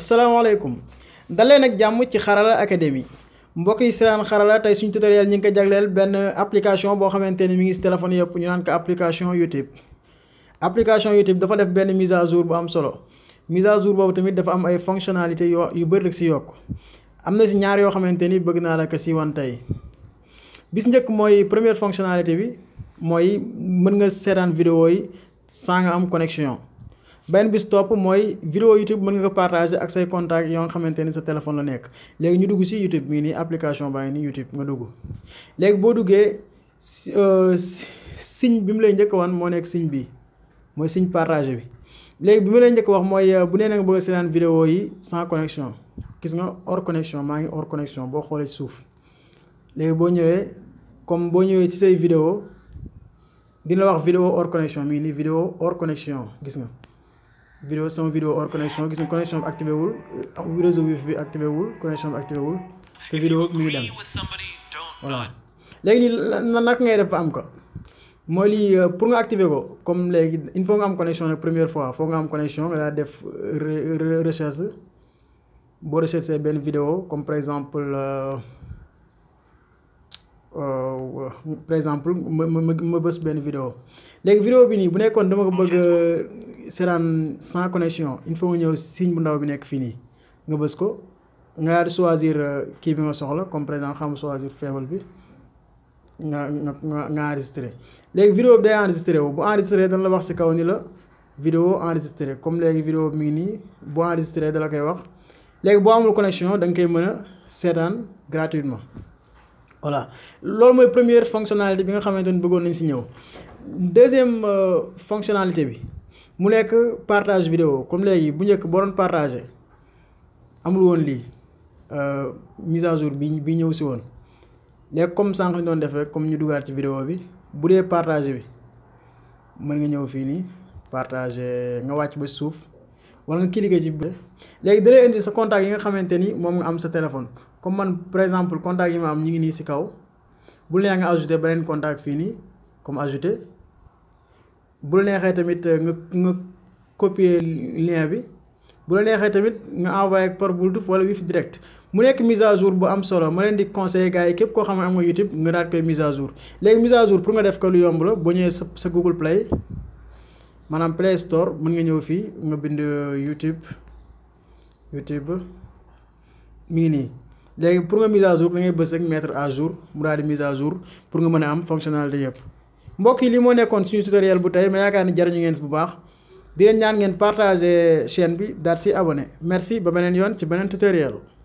asalaamaaleykum daleen nag jàmm ci xarala académie mbokk yi siraan xarala tey suñu tutoriel ñi ngi ko jagleel benn application boo xamante ni mi ngi si téléphone yëpp ñu naan ko application YouTube application YouTube dafa def benn mise à jour bu am solo mise à jour boobu tamit dafa am ay fonctionnalités yoo yu bëri rek si yokk am na si ñaar yoo xamante ni bëgg naa la ko si wan tey bis njëkk mooy première fonctionnalité bi mooy mën nga seetaan vidéo yi sans am connexion. benn bis topp mooy vidéo YouTube mën nga ko partager ak say contacts yoo nga xamante ni sa téléphone la nekk léegi ñu dugg si YouTube ngi nii application baa ngi nii YouTube nga dugg léegi boo duggee euh, signe bi mu lay njëkk wan moo nekk signe bi mooy signe partager bi léegi bi mu njëkk wax mooy euh, bu nee na nga bëgg a yi sans connexion gis nga hors maa ngi or connexion boo xoolee suuf léegi boo ñëwee comme boo ñëwee ci say vidéo dina la wax vidéo hors connexion mii nii vidéo or connexion gis nga vidéo sama vidéo hors connexion gis nga connexion bi activé wul réseau wifi bi activé wul connexion bi activé wul te mu ngi dem voilà léegi nii ngay def am ko mooy lii euh, pour nga activer ko comme léegi il faut nga am connexion nag première fois foo nga am connexion nga daal def recherche boo recherché benn vidéo comme par exemple euh, Euh, par exemple ma ma bës benn vidéo léegi vidéo bi nii bu nekkoon dama ko bëgg a seetaan sans connexion il faut nga ñëw signe bu ndaw bi nekk fii nii nga bës ko nga daal di choisir euh, kii bi nga soxla comme par exemple xam choisir faible bi nga nga nga enregistré léegi vidéo bi day enregistré wu bu enregistré dana la wax si kaw ni la vidéo enregistré comme léegi vidéo bi mi ngi nii bu enregistré dala koy wax léegi boo amul connexion da nga koy mën a seetaan gratuitement voilà loolu mooy première fonctionnalité bi nga xamante ni bëggoon nañ si ñëw deuxième euh, fonctionnalité bi mu nekk partage vidéo comme léegi bu njëkk boo doon amul woon lii euh, mise à jour bi bi ñëw si woon léegi comme sànq lañ doon def rek comme ñu dugaat ci vidéo bi bu dee partage bi mën nga ñëw fii nii partage nga wàcc ba suuf wala nga kilika ci léegi da indi sa contact yi nga xamante ni moom nga am sa téléphone comme man par exemple contact yi ma am ñu ngi nii si kaw bu neex nga ajouté beneen contact fii nii comme ajouté bul neexee tamit euh, nga nga copier lien bi bu la neexee tamit nga envoyé par Bluetooth wala wifi direct mu nekk mise jour bu am solo ma leen di conseiller gars yi képp koo am nga YouTube nga daal koy mise à jour léegi mise à jour pour nga def ko lu yomb la boo ñëwee sa sa Google Play maanaam Play Store mën nga ñëw fii nga bind euh, YouTube YouTube mi ngi nii. léegi pour nga mise à jour da ngay bës rek mettre à jour mu mise à jour pour nga mën a am fonctionnalité yëpp mbokk yi li moo nekkoon suñu tutoriel bu tey ma yaakaar ni jariñu ngeen bu baax di ñaan ngeen partage chaîne bi daal si abonné merci ba beneen yoon ci beneen tutoriel.